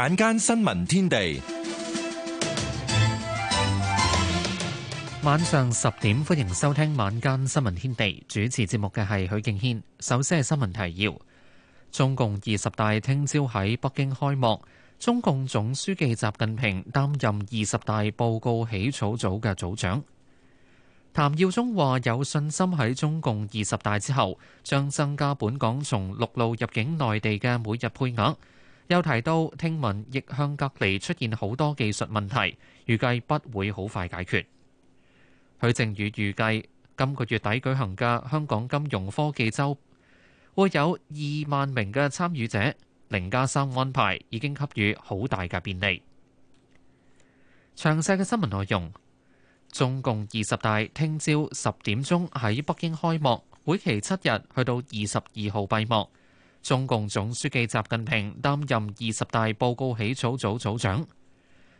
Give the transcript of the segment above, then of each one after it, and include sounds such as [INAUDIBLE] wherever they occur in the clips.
晚間新聞天地，晚上十點，歡迎收聽晚間新聞天地。主持節目嘅係許敬軒。首先係新聞提要：中共二十大聽朝喺北京開幕，中共總書記習近平擔任二十大報告起草組嘅組長。譚耀宗話有信心喺中共二十大之後，將增加本港從陸路入境內地嘅每日配額。又提到，聽聞逆向隔離出現好多技術問題，預計不會好快解決。許正宇預計今個月底舉行嘅香港金融科技周，會有二萬名嘅參與者，零加三安排已經給予好大嘅便利。詳細嘅新聞內容，中共二十大聽朝十點鐘喺北京開幕，會期七日，去到二十二號閉幕。中共總書記習近平擔任二十大報告起草組組長，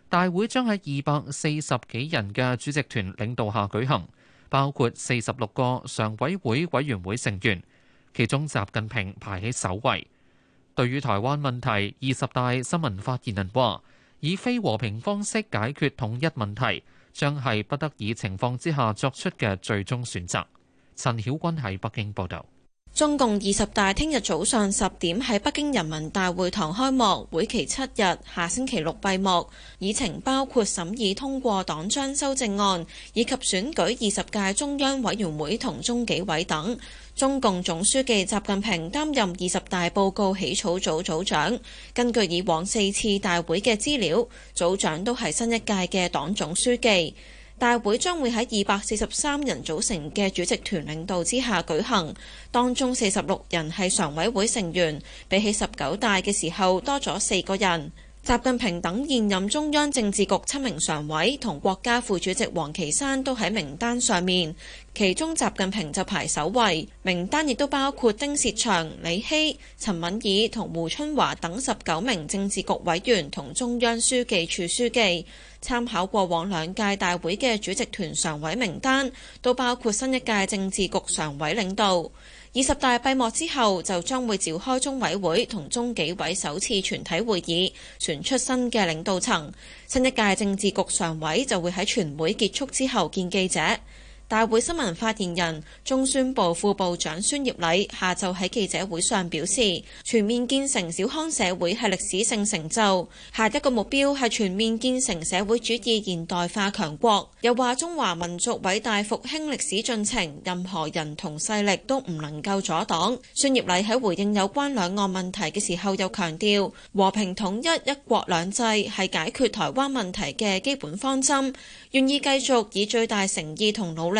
大會將喺二百四十幾人嘅主席團領導下舉行，包括四十六個常委會委員會成員，其中習近平排喺首位。對於台灣問題，二十大新聞發言人話：以非和平方式解決統一問題，將係不得已情況之下作出嘅最終選擇。陳曉君喺北京報導。中共二十大聽日早上十點喺北京人民大會堂開幕，會期七日，下星期六閉幕。議程包括審議通過黨章修正案，以及選舉二十屆中央委員會同中紀委等。中共總書記習近平擔任二十大報告起草組組長。根據以往四次大會嘅資料，組長都係新一屆嘅黨總書記。大會將會喺二百四十三人組成嘅主席團領導之下舉行，當中四十六人係常委會成員，比起十九大嘅時候多咗四個人。習近平等現任中央政治局七名常委同國家副主席王岐山都喺名單上面，其中習近平就排首位。名單亦都包括丁薛祥、李希、陳敏爾同胡春華等十九名政治局委員同中央書記處書記。參考過往兩屆大會嘅主席團常委名單，都包括新一屆政治局常委領導。二十大閉幕之後，就將會召開中委會同中紀委首次全體會議，選出新嘅領導層。新一屆政治局常委就會喺全會結束之後見記者。大會新聞發言人中宣部副部長孫業禮下晝喺記者會上表示，全面建成小康社會係歷史性成就，下一個目標係全面建成社會主義現代化強國。又話中華民族偉大復興歷史進程，任何人同勢力都唔能夠阻擋。孫業禮喺回應有關兩岸問題嘅時候，又強調和平統一、一國兩制係解決台灣問題嘅基本方針，願意繼續以最大誠意同努力。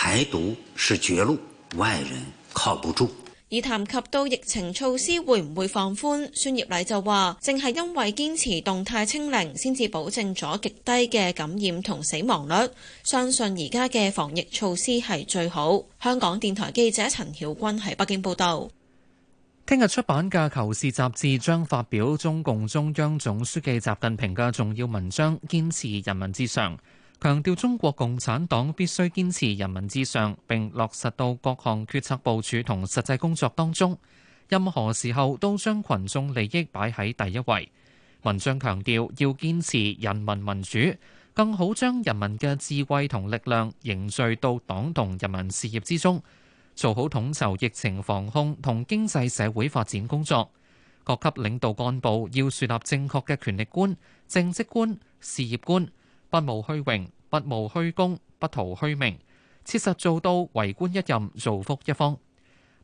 台獨是絕路，外人靠不住。而談及到疫情措施會唔會放寬，孫業禮就話，正係因為堅持動態清零，先至保證咗極低嘅感染同死亡率。相信而家嘅防疫措施係最好。香港電台記者陳曉君喺北京報道。聽日出版嘅《求是》雜誌將發表中共中央總書記習近平嘅重要文章《堅持人民至上》。強調中國共產黨必須堅持人民至上，並落實到各項決策部署同實際工作當中。任何時候都將群眾利益擺喺第一位。文章強調要堅持人民民主，更好將人民嘅智慧同力量凝聚到黨同人民事業之中，做好統籌疫情防控同經濟社會發展工作。各級領導幹部要樹立正確嘅權力觀、政績觀、事業觀。不慕虛榮，不慕虛功，不圖虛名，切實做到為官一任，造福一方。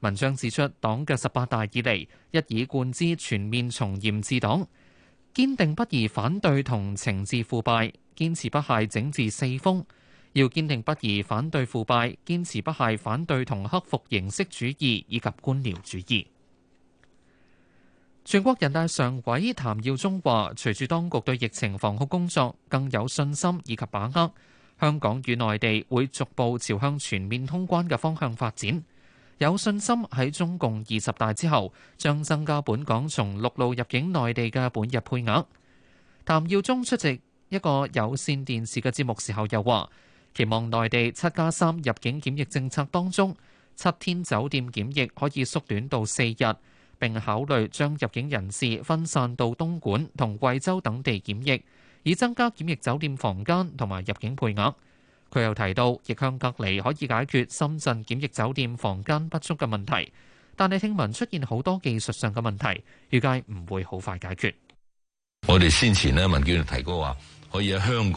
文章指出，黨嘅十八大以嚟，一以貫之全面從嚴治黨，堅定不移反對同懲治腐敗，堅持不懈整治四風，要堅定不移反對腐敗，堅持不懈反對同克服形式主義以及官僚主義。全國人大常委譚耀宗話：隨住當局對疫情防控工作更有信心以及把握，香港與內地會逐步朝向全面通關嘅方向發展。有信心喺中共二十大之後，將增加本港從陸路入境內地嘅本日配額。譚耀宗出席一個有線電視嘅節目時候又話：期望內地七加三入境檢疫政策當中，七天酒店檢疫可以縮短到四日。並考慮將入境人士分散到東莞同貴州等地檢疫，以增加檢疫酒店房間同埋入境配額。佢又提到，逆向隔離可以解決深圳檢疫酒店房間不足嘅問題，但係聽聞出現好多技術上嘅問題，預計唔會好快解決。我哋先前呢文件提過話，可以喺香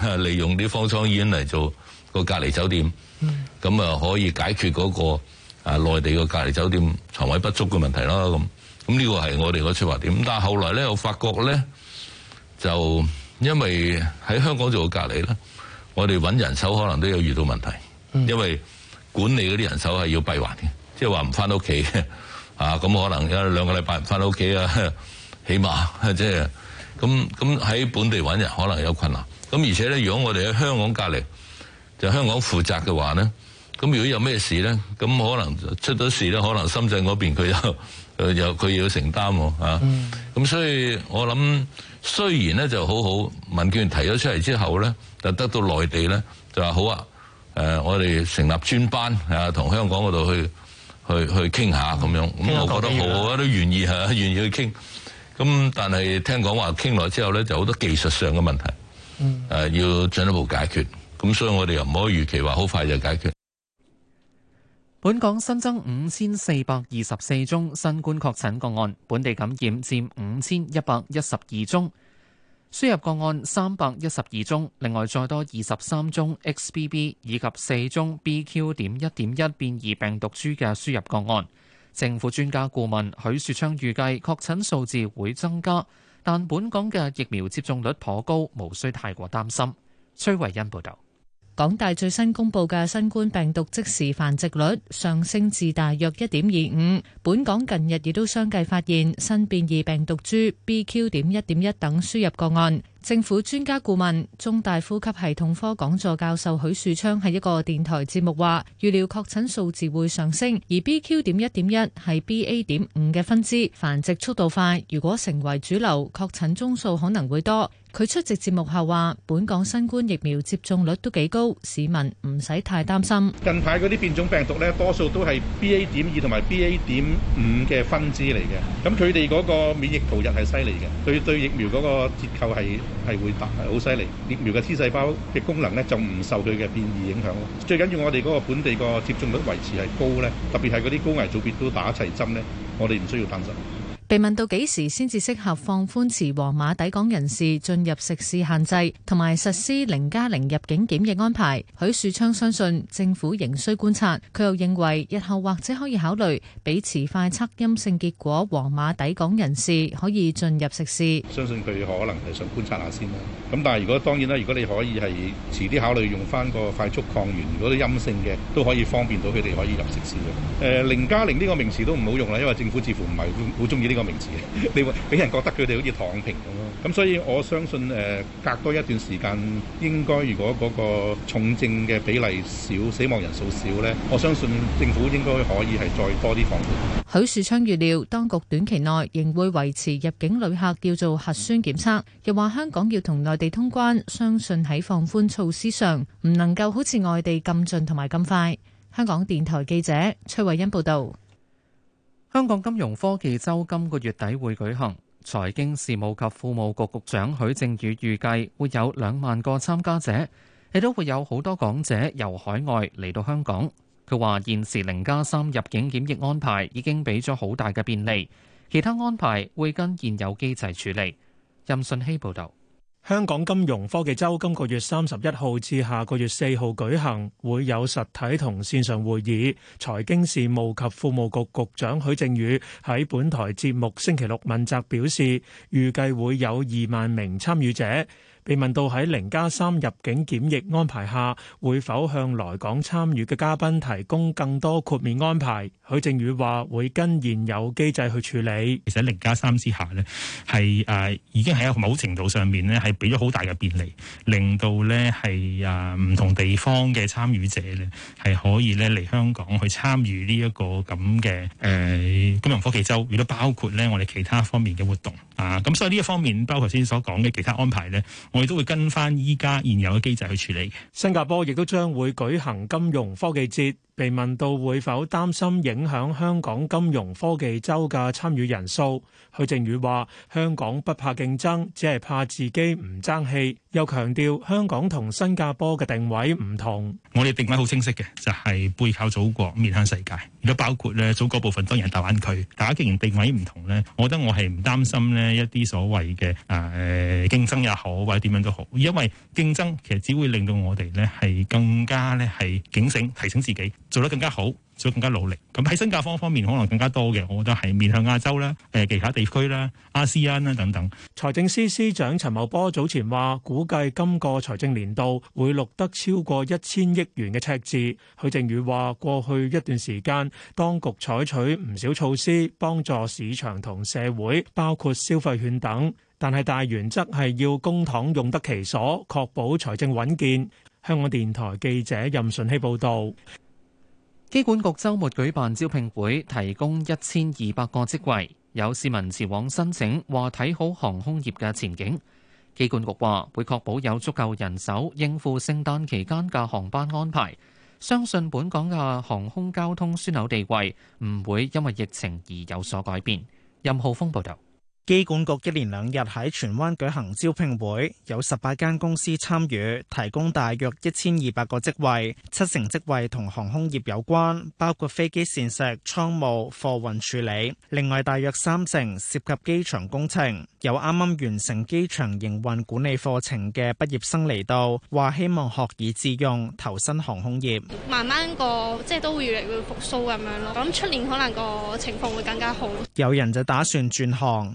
港利用啲方艙醫院嚟做個隔離酒店，咁啊可以解決嗰個。啊！內地個隔離酒店床位不足嘅問題啦，咁咁呢個係我哋個出發點。但係後來咧，我發覺咧，就因為喺香港做隔離啦，我哋揾人手可能都有遇到問題，嗯、因為管理嗰啲人手係要閉環嘅，即係話唔返屋企嘅啊。咁可能一兩個禮拜唔返屋企啊，起碼即係咁咁喺本地揾人可能有困難。咁而且咧，如果我哋喺香港隔離，就係、香港負責嘅話咧。咁如果有咩事咧，咁可能出咗事咧，可能深圳嗰邊佢又，又佢要承擔喎吓。咁所以我諗，雖然咧就好好，民建聯提咗出嚟之後咧，就得到內地咧就話好啊，誒，我哋成立專班啊，同香港嗰度去去去傾下咁樣。咁、嗯、我覺得好好啊，都願意嚇，願意去傾。咁但係聽講話傾落之後咧，就好多技術上嘅問題，誒、嗯啊，要進一步解決。咁所以我哋又唔可以預期話好快就解決。本港新增五千四百二十四宗新冠確診個案，本地感染佔五千一百一十二宗，輸入個案三百一十二宗，另外再多二十三宗 XBB 以及四宗 BQ. 點一點一變異病毒株嘅輸入個案。政府專家顧問許樹昌預計，確診數字會增加，但本港嘅疫苗接種率頗高，無需太過擔心。崔慧欣報道。港大最新公布嘅新冠病毒即時繁殖率上升至大約一點二五，本港近日亦都相繼發現新變異病毒株 BQ 點一點一等輸入個案。政府專家顧問、中大呼吸系統科講座教授許樹昌喺一個電台節目話，預料確診數字會上升，而 BQ. 點一點一係 BA. 點五嘅分支，繁殖速度快，如果成為主流，確診宗數可能會多。佢出席節目後話，本港新冠疫苗接種率都幾高，市民唔使太擔心。近排嗰啲變種病毒呢，多數都係 BA. 點二同埋 BA. 點五嘅分支嚟嘅，咁佢哋嗰個免疫逃逸係犀利嘅，對對疫苗嗰個折扣係。係會打係好犀利，疫苗嘅 T 細胞嘅功能咧就唔受佢嘅變異影響咯。最緊要我哋嗰個本地個接種率維持係高咧，特別係嗰啲高危組別都打齊針咧，我哋唔需要擔心。被問到幾時先至適合放寬持黃碼抵港人士進入食肆限制，同埋實施零加零入境檢疫安排，許樹昌相信政府仍需觀察。佢又認為日後或者可以考慮俾持快測陰性結果黃碼抵港人士可以進入食肆。相信佢可能係想觀察下先啦。咁但係如果當然啦，如果你可以係遲啲考慮用返個快速抗原，如果都陰性嘅都可以方便到佢哋可以入食肆嘅。誒零加零呢個名詞都唔好用啦，因為政府似乎唔係好鍾意呢個。個名字，你會俾人覺得佢哋好似躺平咁咯。咁所以我相信，誒，隔多一段時間，應該如果嗰個重症嘅比例少，死亡人數少呢，我相信政府應該可以係再多啲防控。許樹昌預料當局短期內仍會維持入境旅客要做核酸檢測，又話香港要同內地通關，相信喺放寬措施上唔能夠好似外地咁盡同埋咁快。香港電台記者崔慧欣報道。香港金融科技周今個月底會舉行，財經事務及庫務局局長許正宇預計會有兩萬個參加者，亦都會有好多講者由海外嚟到香港。佢話現時零加三入境檢疫安排已經俾咗好大嘅便利，其他安排會跟現有機制處理。任信希報道。香港金融科技周今個月三十一號至下個月四號舉行，會有實體同線上會議。財經事務及庫務局局長許正宇喺本台節目星期六問責表示，預計會有二萬名參與者。被問到喺零加三入境檢疫安排下，會否向來港參與嘅嘉賓提供更多豁免安排，許正宇話：會跟現有機制去處理。其實喺零加三之下呢，係誒、啊、已經喺某程度上面呢，係俾咗好大嘅便利，令到呢係誒唔同地方嘅參與者呢，係可以呢嚟香港去參與呢一個咁嘅誒金融科技週，亦都包括呢我哋其他方面嘅活動啊。咁所以呢一方面，包括頭先所講嘅其他安排呢。佢都會跟翻依家現有嘅機制去處理。新加坡亦都將會舉行金融科技節。被問到會否擔心影響香港金融科技周嘅參與人數，許正宇話：香港不怕競爭，只係怕自己唔爭氣。又強調香港同新加坡嘅定位唔同。我哋定位好清晰嘅，就係、是、背靠祖國，面向世界。如果包括咧，祖國部分當然係大灣區。大家既然定位唔同呢，我覺得我係唔擔心呢一啲所謂嘅誒、呃、競爭也好，或者點樣都好，因為競爭其實只會令到我哋呢係更加呢係警醒，提醒自己。做得更加好，做得更加努力。咁喺新加坡方面，可能更加多嘅，我覺得係面向亞洲啦，誒、呃、其他地區啦、亞細安啦等等。財政司司長陳茂波早前話，估計今個財政年度會錄得超過一千億元嘅赤字。許正宇話：過去一段時間當局採取唔少措施幫助市場同社會，包括消費券等，但係大原則係要公帑用得其所，確保財政穩健。香港電台記者任順希報道。機管局周末舉辦招聘會，提供一千二百個職位，有市民前往申請，話睇好航空業嘅前景。機管局話會確保有足夠人手應付聖誕期間嘅航班安排，相信本港嘅航空交通樞紐地位唔會因為疫情而有所改變。任浩峰報道。機管局一連兩日喺荃灣舉行招聘會，有十八間公司參與，提供大約一千二百個職位，七成職位同航空業有關，包括飛機膳食、倉務、貨運處理。另外，大約三成涉及機場工程。有啱啱完成機場營運管理課程嘅畢業生嚟到，話希望學以致用，投身航空業。慢慢個即係都會越嚟越復蘇咁樣咯。咁出年可能個情況會更加好。有人就打算轉行。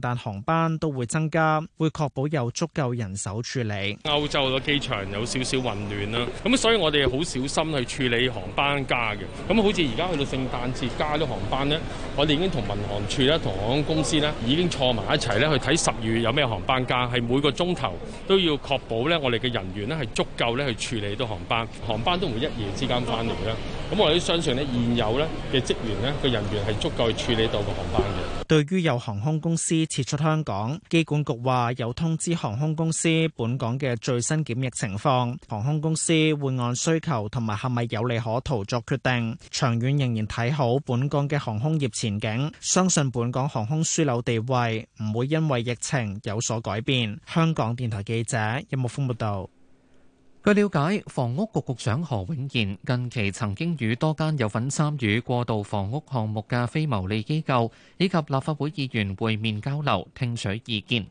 但航班都會增加，會確保有足夠人手處理。歐洲嘅機場有少少混亂啦，咁所以我哋好小心去處理航班加嘅。咁好似而家去到聖誕節加咗航班咧，我哋已經同民航處咧、同航空公司咧已經坐埋一齊咧去睇十月有咩航班加，係每個鐘頭都要確保咧，我哋嘅人員咧係足夠咧去處理到航班。航班都唔會一夜之間返嚟啦。咁我哋都相信咧，現有咧嘅職員咧，個人員係足夠去處理到個航班嘅。對於有航空公司撤出香港，機管局話有通知航空公司本港嘅最新檢疫情況，航空公司會按需求同埋係咪有利可圖作決定。長遠仍然睇好本港嘅航空業前景，相信本港航空樞紐地位唔會因為疫情有所改變。香港電台記者任木風報道。據了解，房屋局局長何永賢近期曾經與多間有份參與過渡房屋項目嘅非牟利機構以及立法會議員會面交流，聽取意見。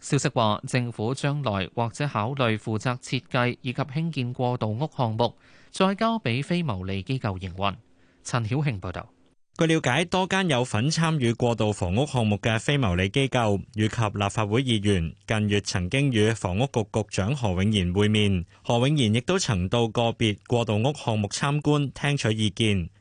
消息話，政府將來或者考慮負責設計以及興建過渡屋項目，再交俾非牟利機構營運。陳曉慶報道。據了解，多間有份參與過渡房屋項目嘅非牟利機構，以及立法會議員，近月曾經與房屋局局長何永賢會面。何永賢亦都曾到個別過渡屋項目參觀，聽取意見。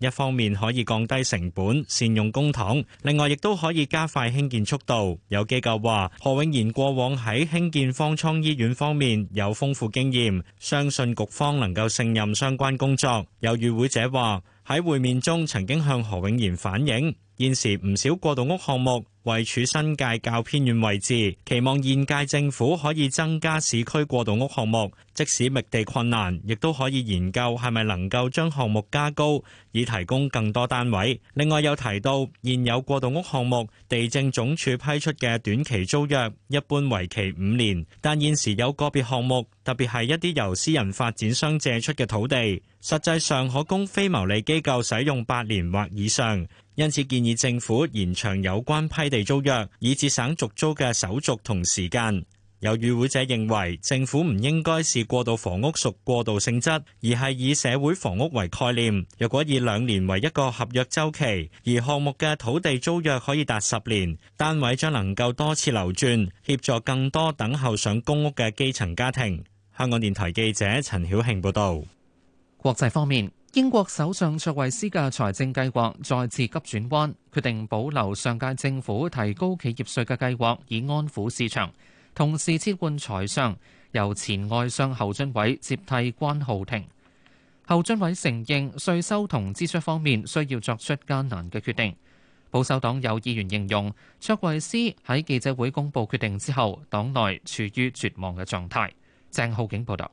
一方面可以降低成本，善用公帑；另外亦都可以加快興建速度。有機構話何永賢過往喺興建方艙醫院方面有豐富經驗，相信局方能夠勝任相關工作。有與會者話喺會面中曾經向何永賢反映，現時唔少過渡屋項目。位處新界較偏遠位置，期望現屆政府可以增加市區過渡屋項目，即使覓地困難，亦都可以研究係咪能夠將項目加高，以提供更多單位。另外有提到現有過渡屋項目，地政總署批出嘅短期租約一般為期五年，但現時有個別項目，特別係一啲由私人發展商借出嘅土地，實際上可供非牟利機構使用八年或以上。因此建議政府延長有關批地租約，以至省續租嘅手續同時間。有與會者認為，政府唔應該視過渡房屋屬過渡性質，而係以社會房屋為概念。若果以兩年為一個合約週期，而項目嘅土地租約可以達十年，單位將能夠多次流轉，協助更多等候上公屋嘅基層家庭。香港電台記者陳曉慶報導。國際方面。英國首相卓慧思嘅財政計劃再次急轉彎，決定保留上屆政府提高企業稅嘅計劃以安撫市場，同時撤換財相，由前外相侯俊偉接替關浩庭。侯俊偉承認稅收同支出方面需要作出艱難嘅決定。保守黨有議員形容，卓慧思喺記者會公布決定之後，黨內處於絕望嘅狀態。鄭浩景報道。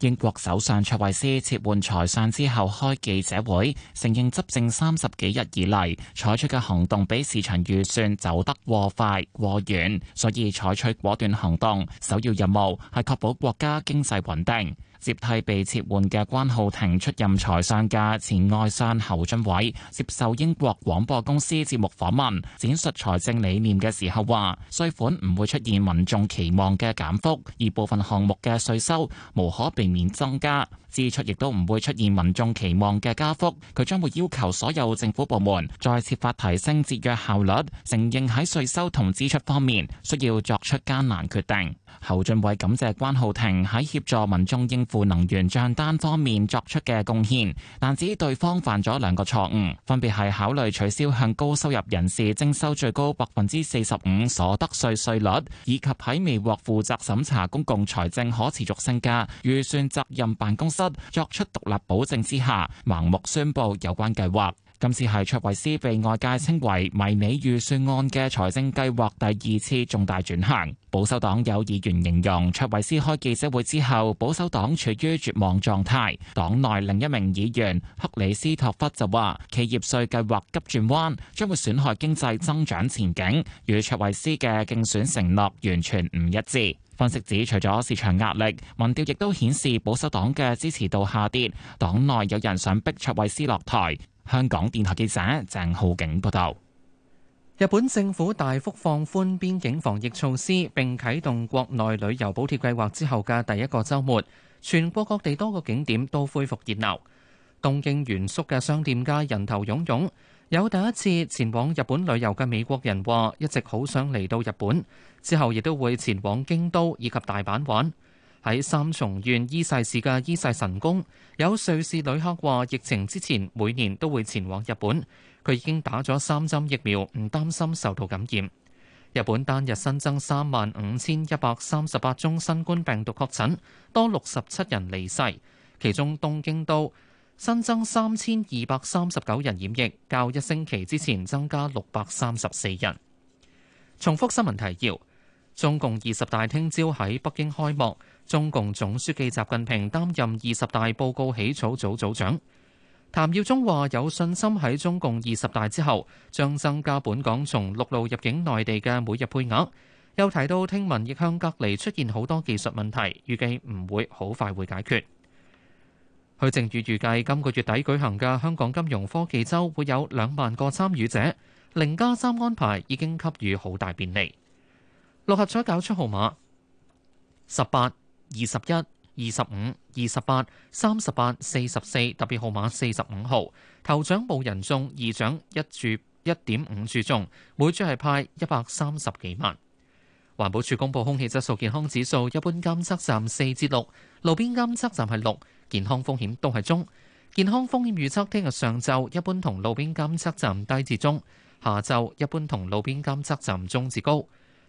英國首相卓慧斯撤換財相之後開記者會，承認執政三十幾日以嚟採取嘅行動比市場預算走得過快過遠，所以採取果斷行動。首要任務係確保國家經濟穩定。接替被撤換嘅關浩庭出任財相嘅前外相侯俊偉接受英國廣播公司節目訪問，展述財政理念嘅時候話稅款唔會出現民眾期望嘅減幅，而部分項目嘅稅收無可避免增加，支出亦都唔會出現民眾期望嘅加幅。佢將會要求所有政府部門再設法提升節約效率，承認喺稅收同支出方面需要作出艱難決定。侯俊偉感謝關浩庭喺協助民眾應付能源賬單方面作出嘅貢獻，但指對方犯咗兩個錯誤，分別係考慮取消向高收入人士徵收最高百分之四十五所得稅稅率，以及喺未獲負責審查公共財政可持續性嘅預算責任辦公室作出獨立保證之下，盲目宣布有關計劃。今次係卓維斯被外界稱為迷你預算案嘅財政計劃第二次重大轉向。保守黨有議員形容卓維斯開記者會之後，保守黨處於絕望狀態。黨內另一名議員克里斯托弗就話：企業稅計劃急轉彎將會損害經濟增長前景，與卓維斯嘅競選承諾完全唔一致。分析指，除咗市場壓力，民調亦都顯示保守黨嘅支持度下跌，黨內有人想逼卓維斯落台。香港電台記者鄭浩景報道：日本政府大幅放寬邊境防疫措施，並啟動國內旅遊補貼計劃之後嘅第一個周末，全國各地多個景點都恢復熱鬧，東京原宿嘅商店街人頭湧湧。有第一次前往日本旅遊嘅美國人話，一直好想嚟到日本，之後亦都會前往京都以及大阪玩。喺三重縣伊勢市嘅伊勢神宮，有瑞士旅客話：疫情之前每年都會前往日本，佢已經打咗三針疫苗，唔擔心受到感染。日本單日新增三萬五千一百三十八宗新冠病毒確診，多六十七人離世，其中東京都新增三千二百三十九人染疫，較一星期之前增加六百三十四人。重複新聞提要。中共二十大聽朝喺北京開幕，中共總書記習近平擔任二十大報告起草組組長。譚耀宗話有信心喺中共二十大之後，將增加本港從陸路入境內地嘅每日配額。又提到聽聞逆向隔離出現好多技術問題，預計唔會好快會解決。許正宇預計今個月底舉行嘅香港金融科技周會有兩萬個參與者，零加三安排已經給予好大便利。六合彩搞出號碼十八、二十一、二十五、二十八、三十八、四十四，特別號碼四十五號。頭獎冇人中，二獎一注一點五注中，每注係派一百三十幾萬。環保署公布空氣質素健康指數，一般監測站四至六，路邊監測站係六，健康風險都係中。健康風險預測聽日上晝一般同路邊監測站低至中，下晝一般同路邊監測站中至高。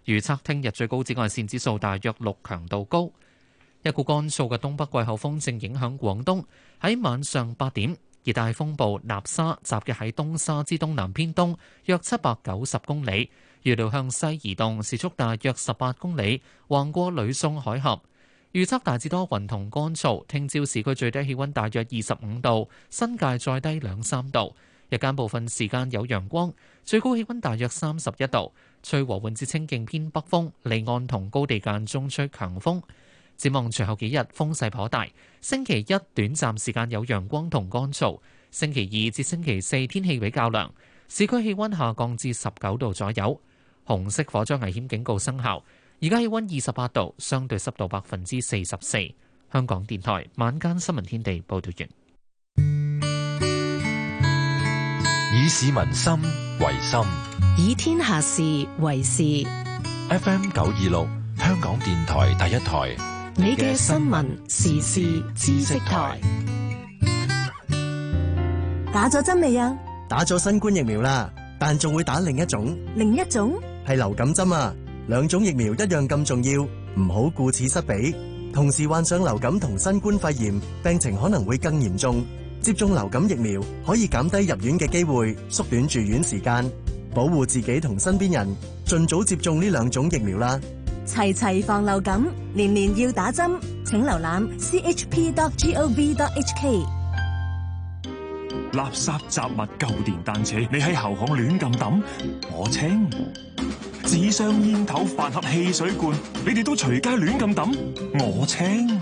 預測聽日最高紫外線指數大約六，強度高。一股乾燥嘅東北季候風正影響廣東，喺晚上八點，熱帶風暴納沙集結喺東沙之東南偏東約七百九十公里，預料向西移動，時速大約十八公里，橫過呂宋海峽。預測大致多雲同乾燥，聽朝市區最低氣溫大約二十五度，新界再低兩三度。日間部分時間有陽光，最高氣溫大約三十一度，吹和緩至清勁偏北風，離岸同高地間中吹強風。展望隨後幾日風勢頗大，星期一短暫時間有陽光同乾燥，星期二至星期四天氣比較涼，市區氣溫下降至十九度左右。紅色火災危險警告生效，而家氣溫二十八度，相對濕度百分之四十四。香港電台晚間新聞天地報道完。以市民心為心，以天下事為事。FM 九二六，香港電台第一台。你嘅新聞時事知識台。打咗針未啊？打咗新冠疫苗啦，但仲會打另一種。另一種？係流感針啊！兩種疫苗一樣咁重要，唔好顧此失彼。同時患上流感同新冠肺炎，病情可能會更嚴重。接種流感疫苗可以減低入院嘅機會，縮短住院時間，保護自己同身邊人，盡早接種呢兩種疫苗啦！齊齊防流感，年年要打針，請瀏覽 chp.gov.hk。垃圾雜物舊電單車，你喺後巷亂咁抌，我清；紙箱煙頭飯盒汽水罐，你哋都隨街亂咁抌，我清。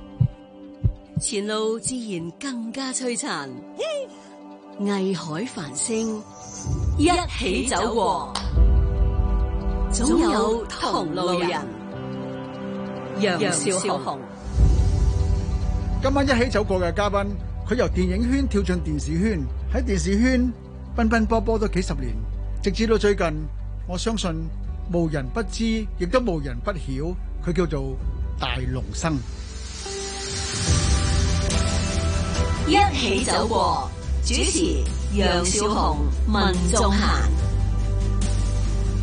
前路自然更加璀璨，藝海繁星，一起走過，總有同路人。楊少雄，今晚一起走過嘅嘉賓，佢由電影圈跳進電視圈，喺電視圈奔奔波波咗幾十年，直至到最近，我相信無人不知，亦都無人不曉，佢叫做大龍生。一起走過，主持楊少紅、文仲賢、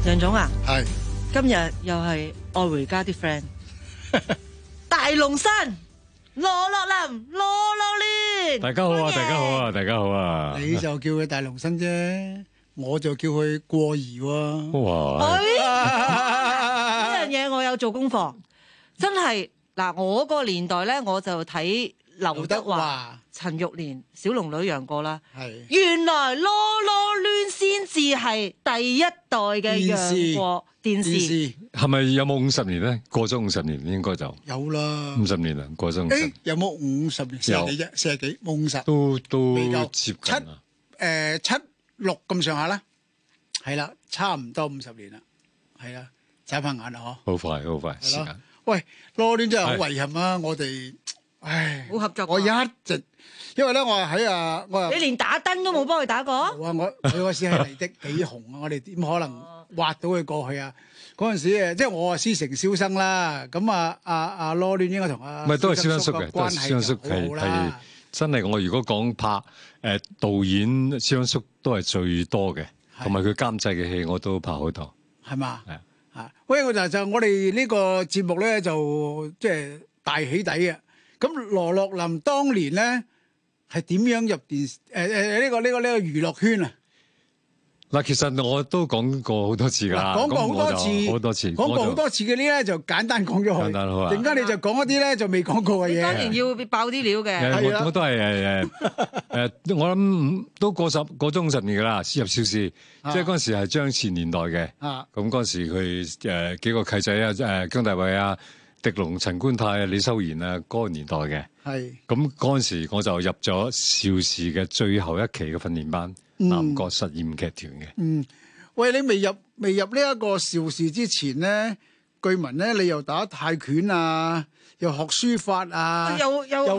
楊總啊，係今日又係愛回家啲 friend，大龍身羅樂林羅樂念，大家好啊，大家好啊，大家好啊，你就叫佢大龍身啫，我就叫佢過兒喎，哇，呢樣嘢我有做功課，真係嗱，我個年代咧我就睇。劉德華、陳玉蓮、小龍女、楊過啦，係原來囉囉攣先至係第一代嘅楊過電視，係咪有冇五十年咧？過咗五十年應該就有啦，五十年啦，過咗五十年有冇五十年？四十幾？四十幾？五十年都都接近啦，誒七六咁上下啦，係啦，差唔多五十年啦，係啦，眨下眼啦嗬，好快好快時間。喂，囉攣真係好遺憾啊，我哋。唉，好合作。我一直因為咧，我喺啊，我你連打燈都冇幫佢打過。冇啊！我佢嗰時係嚟的幾紅啊！我哋點可能挖到佢過去啊？嗰陣時誒，即係我啊，師承蕭生啦。咁啊，阿阿羅端應該同阿咪都係蕭生叔嘅關係就好啦。真係我如果講拍誒導演，蕭生叔都係最多嘅，同埋佢監製嘅戲我都拍好多。係嘛？係啊啊！所以我就就我哋呢個節目咧，就即係大起底啊！咁羅樂林當年咧，係點樣入電視誒誒呢個呢個呢個娛樂圈啊？嗱，其實我都講過好多次噶，講過好多次，講過好多次嘅呢咧，就簡單講咗。簡單好啊！陣間你就講一啲咧，就未講過嘅嘢？當然要爆啲料嘅。我都係誒誒誒，我諗都過十過中十年噶啦，入少 [LAUGHS] 時，即係嗰時係張前年代嘅。咁嗰 [LAUGHS] 時佢誒幾個契仔啊，誒姜大衛啊。狄龍、陳觀泰、李修賢啊，嗰個年代嘅。係咁陣時我就入咗邵氏嘅最後一期嘅訓練班，嗯、南國實驗劇團嘅。嗯，喂，你未入未入呢一個邵氏之前咧，據聞咧你又打泰拳啊，又學書法啊，又又。